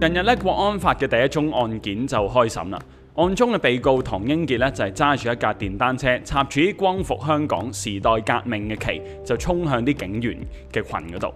近日咧，國安法嘅第一宗案件就開審啦。案中嘅被告唐英傑咧，就係揸住一架電單車，插住啲“光復香港時代革命”嘅旗，就衝向啲警員嘅群嗰度。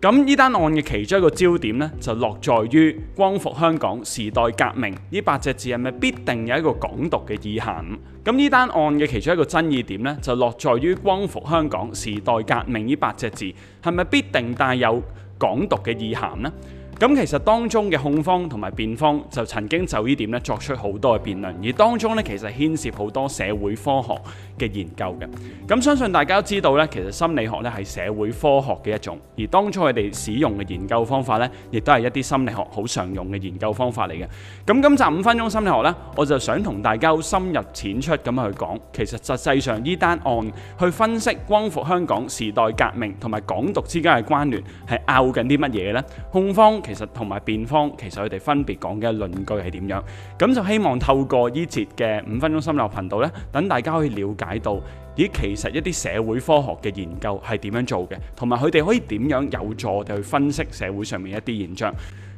咁呢單案嘅其中一個焦點呢，就落在於“光復香港時代革命”呢八隻字係咪必定有一個港獨嘅意涵，咁呢單案嘅其中一個爭議點呢，就落在於“光復香港時代革命”呢八隻字係咪必定帶有港獨嘅意涵呢？咁其實當中嘅控方同埋辯方就曾經就呢點咧作出好多嘅辯論，而當中咧其實牽涉好多社會科學嘅研究嘅。咁相信大家都知道咧，其實心理學咧係社會科學嘅一種，而當初佢哋使用嘅研究方法咧，亦都係一啲心理學好常用嘅研究方法嚟嘅。咁今集五分鐘心理學咧，我就想同大家深入淺出咁去講，其實實際上呢單案去分析光復香港時代革命同埋港獨之間嘅關聯係拗緊啲乜嘢呢？控方其實同埋辯方，其實佢哋分別講嘅論據係點樣？咁就希望透過呢節嘅五分鐘心理學頻道咧，等大家可以了解到咦，其實一啲社會科學嘅研究係點樣做嘅，同埋佢哋可以點樣有助我哋去分析社會上面一啲現象。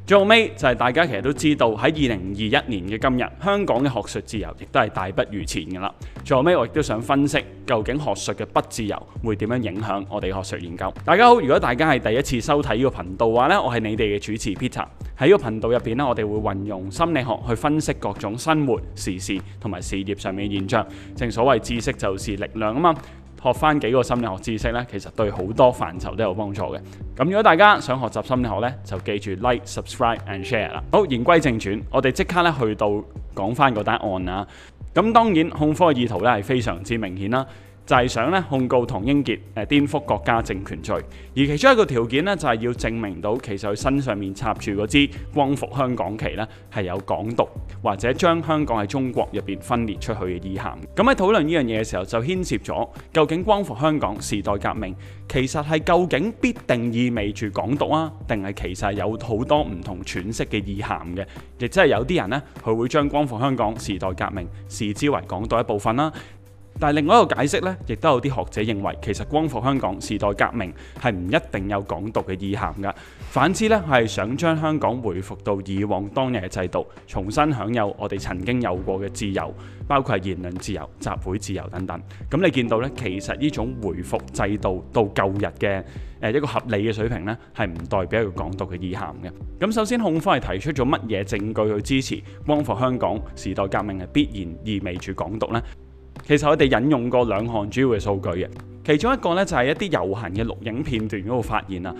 最尾就係大家其實都知道喺二零二一年嘅今日，香港嘅學術自由亦都係大不如前嘅啦。最後尾我亦都想分析究竟學術嘅不自由會點樣影響我哋學術研究。大家好，如果大家係第一次收睇呢個頻道嘅話呢，我係你哋嘅主持 Peter。喺呢個頻道入邊呢，我哋會運用心理學去分析各種生活、時事同埋事業上面嘅現象。正所謂知識就是力量啊嘛！學翻幾個心理學知識咧，其實對好多範疇都有幫助嘅。咁如果大家想學習心理學咧，就記住 like、subscribe and share 啦。好，言歸正傳，我哋即刻咧去到講翻嗰答案啊。咁當然控方嘅意圖咧係非常之明顯啦。就係想咧控告唐英傑誒顛覆國家政權罪，而其中一個條件咧就係要證明到其實佢身上面插住嗰支光復香港旗咧係有港獨或者將香港喺中國入邊分裂出去嘅意涵。咁喺討論呢樣嘢嘅時候就牽涉咗究竟光復香港時代革命其實係究竟必定意味住港獨啊，定係其實有好多唔同詮釋嘅意涵嘅？亦即係有啲人咧佢會將光復香港時代革命視之為港獨一部分啦。但係另外一個解釋呢，亦都有啲學者認為，其實光復香港時代革命係唔一定有港獨嘅意涵㗎。反之呢，係想將香港回復到以往當日嘅制度，重新享有我哋曾經有過嘅自由，包括係言論自由、集會自由等等。咁你見到呢，其實呢種回復制度到舊日嘅誒一個合理嘅水平呢，係唔代表有港獨嘅意涵嘅。咁首先，控方係提出咗乜嘢證據去支持光復香港時代革命係必然意味住港獨呢？其實我哋引用過兩項主要嘅數據嘅，其中一個呢就係一啲遊行嘅錄影片段嗰度發現啊。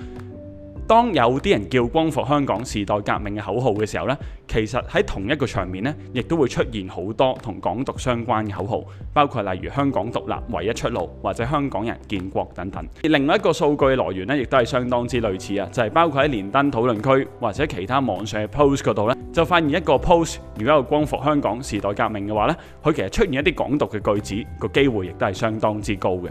當有啲人叫光復香港時代革命嘅口號嘅時候呢，其實喺同一個場面呢，亦都會出現好多同港獨相關嘅口號，包括例如香港獨立唯一出路，或者香港人建國等等。而另外一個數據嘅來源呢，亦都係相當之類似啊，就係、是、包括喺連登討論區或者其他網上嘅 post 嗰度呢，就發現一個 post 如果有光復香港時代革命嘅話呢，佢其實出現一啲港獨嘅句子個機會，亦都係相當之高嘅。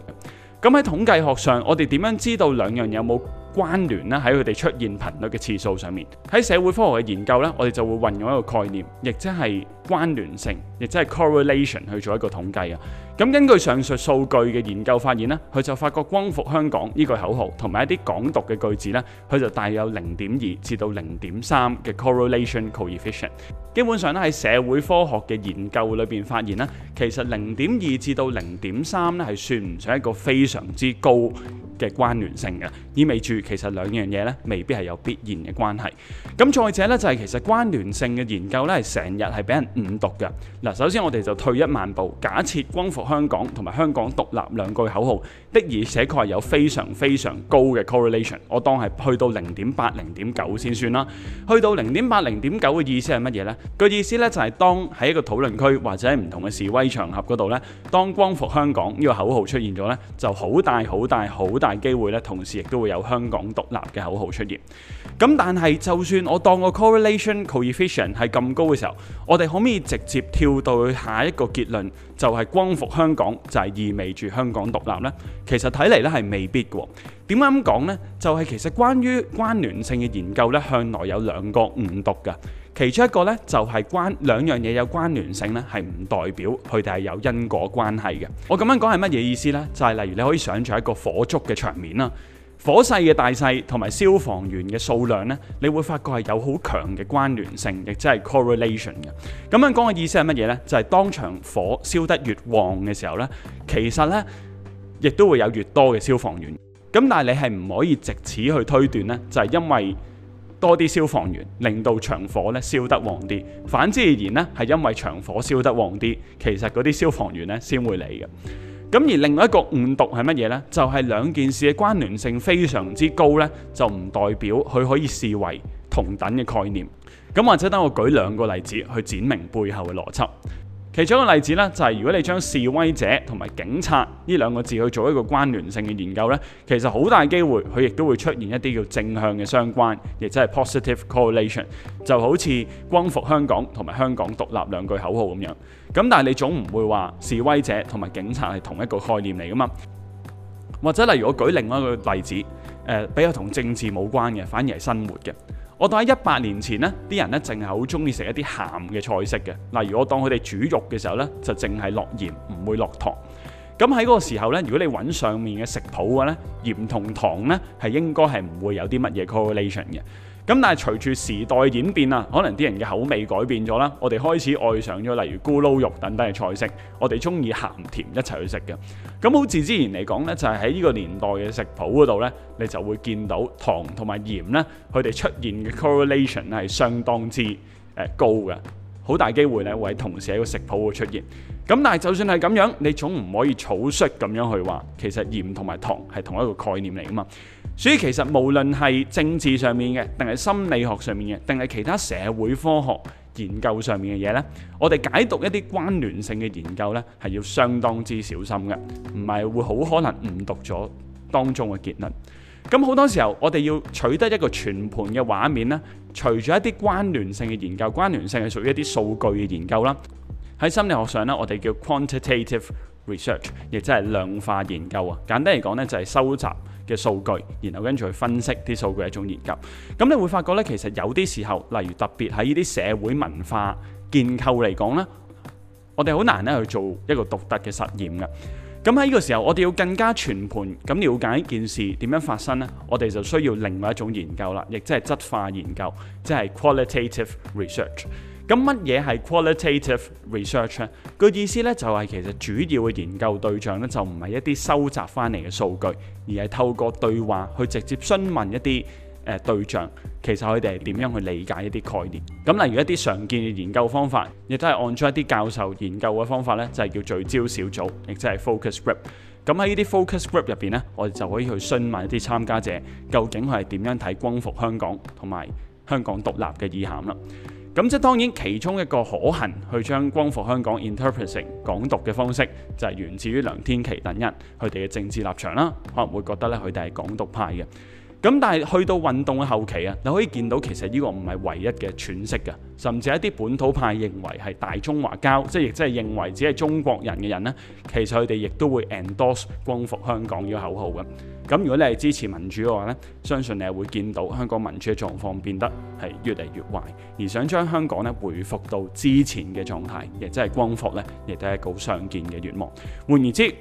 咁喺統計學上，我哋點樣知道兩樣有冇關聯啦，喺佢哋出現頻率嘅次數上面，喺社會科學嘅研究咧，我哋就會運用一個概念，亦即係關聯性，亦即係 correlation 去做一個統計啊。咁根據上述數據嘅研究發現咧，佢就發覺光復香港呢句口號同埋一啲港獨嘅句子咧，佢就帶有零點二至到零點三嘅 correlation coefficient。基本上咧，喺社會科學嘅研究裏邊發現咧，其實零點二至到零點三咧係算唔上一個非常之高嘅關聯性嘅，意味住其實兩樣嘢咧未必係有必然嘅關係。咁再者咧，就係其實關聯性嘅研究咧，係成日係俾人誤讀嘅。嗱，首先我哋就退一萬步，假設光復香港同埋香港獨立兩句口號的而且確係有非常非常高嘅 correlation，我當係去到零點八、零點九先算啦。去到零點八、零點九嘅意思係乜嘢呢？個意思咧就係當喺一個討論區或者喺唔同嘅示威場合嗰度咧，當光復香港呢個口號出現咗咧，就好大、好大、好大機會咧，同時亦都會有香港獨立嘅口號出現。咁但係，就算我當個 correlation coefficient 係咁高嘅時候，我哋可唔可以直接跳到去下一個結論，就係光復香港就係意味住香港獨立呢？其實睇嚟咧係未必嘅。點解咁講呢？就係其實關於關聯性嘅研究咧，向來有兩個誤讀㗎。其中一個咧，就係關兩樣嘢有關聯性咧，係唔代表佢哋係有因果關係嘅。我咁樣講係乜嘢意思呢？就係例如你可以想象一個火燭嘅場面啦，火勢嘅大細同埋消防員嘅數量呢，你會發覺係有好強嘅關聯性，亦即係 correlation 嘅。咁樣講嘅意思係乜嘢呢？就係當場火燒得越旺嘅時候呢，其實呢亦都會有越多嘅消防員。咁但係你係唔可以藉此去推斷呢，就係因為，多啲消防員，令到長火咧燒得旺啲。反之而言咧，係因為長火燒得旺啲，其實嗰啲消防員咧先會嚟嘅。咁而另外一個誤讀係乜嘢呢？就係兩件事嘅關聯性非常之高呢，就唔代表佢可以視為同等嘅概念。咁或者等我舉兩個例子去展明背後嘅邏輯。其中一個例子咧，就係如果你將示威者同埋警察呢兩個字去做一個關聯性嘅研究咧，其實好大機會佢亦都會出現一啲叫正向嘅相關，亦即係 positive correlation，就好似「光復香港」同埋「香港獨立」兩句口號咁樣。咁但係你總唔會話示威者同埋警察係同一個概念嚟噶嘛？或者例如我舉另外一個例子，呃、比較同政治冇關嘅，反而係生活嘅。我當喺一百年前呢啲人呢淨係好中意食一啲鹹嘅菜式嘅，例如我當佢哋煮肉嘅時候呢，就淨係落鹽，唔會落糖。咁喺嗰個時候呢，如果你揾上面嘅食譜嘅話，鹽同糖呢係應該係唔會有啲乜嘢 correlation 嘅。咁但係隨住時代演變啊，可能啲人嘅口味改變咗啦，我哋開始愛上咗例如咕嚕肉等等嘅菜式，我哋中意鹹甜一齊去食嘅。咁好自然嚟講呢，就係喺呢個年代嘅食譜嗰度呢，你就會見到糖同埋鹽呢，佢哋出現嘅 correlation 呢係相當之誒高嘅，好大機會呢會喺同時喺個食譜會出現。咁但係就算係咁樣，你總唔可以草率咁樣去話，其實鹽同埋糖係同一個概念嚟噶嘛。所以其實無論係政治上面嘅，定係心理學上面嘅，定係其他社會科學研究上面嘅嘢呢，我哋解讀一啲關聯性嘅研究呢，係要相當之小心嘅，唔係會好可能誤讀咗當中嘅結論。咁好多時候，我哋要取得一個全盤嘅畫面呢，除咗一啲關聯性嘅研究，關聯性係屬於一啲數據嘅研究啦。喺心理學上呢，我哋叫 quantitative。Research 亦即係量化研究啊，簡單嚟講呢就係收集嘅數據，然後跟住去分析啲數據一種研究。咁你會發覺呢，其實有啲時候，例如特別喺呢啲社會文化建構嚟講呢，我哋好難咧，去做一個獨特嘅實驗嘅。咁喺呢個時候，我哋要更加全盤咁了解件事點樣發生呢，我哋就需要另外一種研究啦，亦即係質化研究，即係 qualitative research。咁乜嘢係 qualitative research？個意思咧就係其實主要嘅研究對象咧就唔係一啲收集翻嚟嘅數據，而係透過對話去直接詢問一啲誒對象，其實佢哋係點樣去理解一啲概念。咁例如一啲常見嘅研究方法，亦都係按咗一啲教授研究嘅方法咧，就係叫聚焦小組，亦即係 focus group。咁喺呢啲 focus group 入邊咧，我哋就可以去詢問一啲參加者究竟佢係點樣睇光復香港同埋香港獨立嘅意涵啦。咁即係當然，其中一個可行去將光復香港 interpret 成港獨嘅方式，就係源自於梁天琦等人佢哋嘅政治立場啦。可能會覺得咧，佢哋係港獨派嘅。咁但係去到運動嘅後期啊，你可以見到其實呢個唔係唯一嘅詮釋嘅，甚至一啲本土派認為係大中華膠，即係亦即係認為只係中國人嘅人呢，其實佢哋亦都會 endorse 光復香港呢個口號嘅。咁如果你係支持民主嘅話呢，相信你係會見到香港民主嘅狀況變得係越嚟越壞，而想將香港呢回復到之前嘅狀態，亦即係光復呢，亦都係一個常見嘅願望。換言之，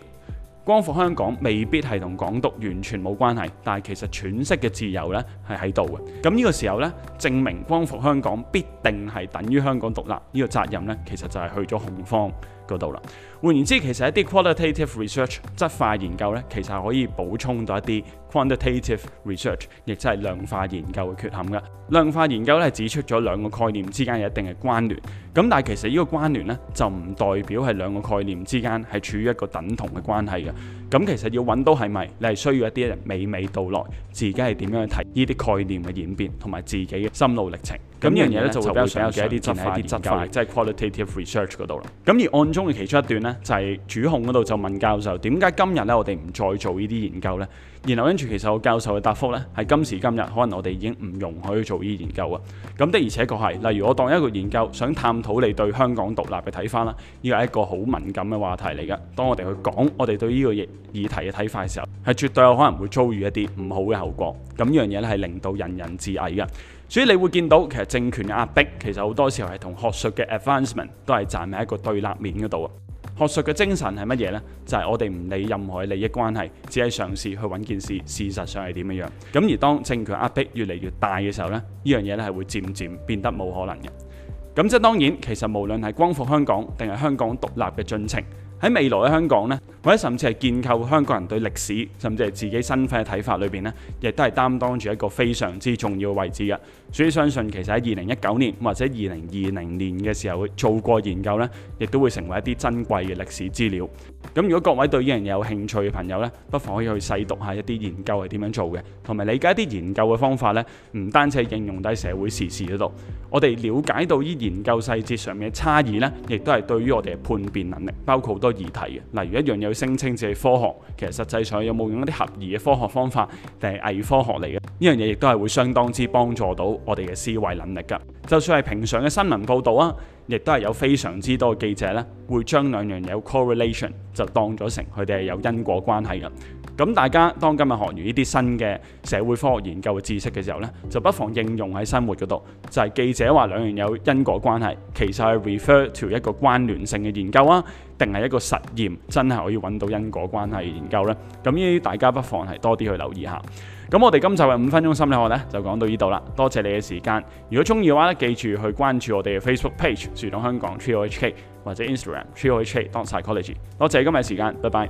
光復香港未必係同港獨完全冇關係，但係其實喘息嘅自由呢係喺度嘅。咁呢個時候呢，證明光復香港必定係等於香港獨立呢，呢個責任呢，其實就係去咗控方度啦，換言之，其實一啲 qualitative research 質化研究咧，其實可以補充到一啲 quantitative research，亦即係量化研究嘅缺陷㗎。量化研究咧指出咗兩個概念之間有一定嘅關聯，咁但係其實呢個關聯咧就唔代表係兩個概念之間係處於一個等同嘅關係嘅。咁其實要揾到係咪，你係需要一啲人娓娓道來，自己係點樣去睇呢啲概念嘅演變，同埋自己嘅心路歷程。咁呢樣嘢咧就會比較啲質一啲質化，即係 qualitative research 嗰度啦。咁而案中嘅其中一段呢，就係、是、主控嗰度就問教授：「點解今日呢？我哋唔再做呢啲研究呢？」然後跟住，其實我教授嘅答覆呢，係今時今日，可能我哋已經唔容許去做呢啲研究啊。咁的而且確係，例如我當一個研究想探討你對香港獨立嘅睇法啦，呢個係一個好敏感嘅話題嚟嘅。當我哋去講我哋對呢個議議題嘅睇法嘅時候，係絕對有可能會遭遇一啲唔好嘅後果。咁呢樣嘢呢係令到人人自危嘅。所以你會見到其實政權嘅壓迫，其實好多時候係同學術嘅 advancement 都係站喺一個對立面嗰度啊。學術嘅精神係乜嘢呢？就係、是、我哋唔理任何利益關係，只係嘗試去揾件事事實上係點樣樣。咁而當政權壓迫越嚟越大嘅時候呢，呢樣嘢咧係會漸漸變得冇可能嘅。咁即係當然，其實無論係光復香港定係香港獨立嘅進程。喺未來嘅香港咧，或者甚至係建構香港人對歷史，甚至係自己身份嘅睇法裏邊咧，亦都係擔當住一個非常之重要嘅位置嘅。所以相信其實喺二零一九年或者二零二零年嘅時候做過研究呢，亦都會成為一啲珍貴嘅歷史資料。咁如果各位對呢樣嘢有興趣嘅朋友呢，不妨可以去細讀下一啲研究係點樣做嘅，同埋理解一啲研究嘅方法呢。唔單止係應用喺社會時事嗰度，我哋了解到依研究細節上面嘅差異呢，亦都係對於我哋嘅判別能力，包括個議題嘅，例如一樣嘢要聲稱自己科學，其實實際上有冇用一啲合宜嘅科學方法，定係偽科學嚟嘅？呢樣嘢亦都係會相當之幫助到我哋嘅思維能力㗎。就算係平常嘅新聞報導啊，亦都係有非常之多嘅記者咧，會將兩樣有 correlation 就當咗成佢哋係有因果關係嘅。咁大家當今日學完呢啲新嘅社會科學研究嘅知識嘅時候咧，就不妨應用喺生活嗰度。就係、是、記者話兩樣有因果關係，其實係 refer to 一個關聯性嘅研究啊，定係一個實驗真係可以揾到因果關係研究呢？咁呢啲大家不妨係多啲去留意下。咁我哋今集嘅五分鐘心理學呢，就講到呢度啦。多謝你嘅時間。如果中意嘅話呢，記住去關注我哋嘅 Facebook page 樹洞香港 Treehole HK 或者 Instagram Treehole HK Psychology。多謝今日時間，拜拜。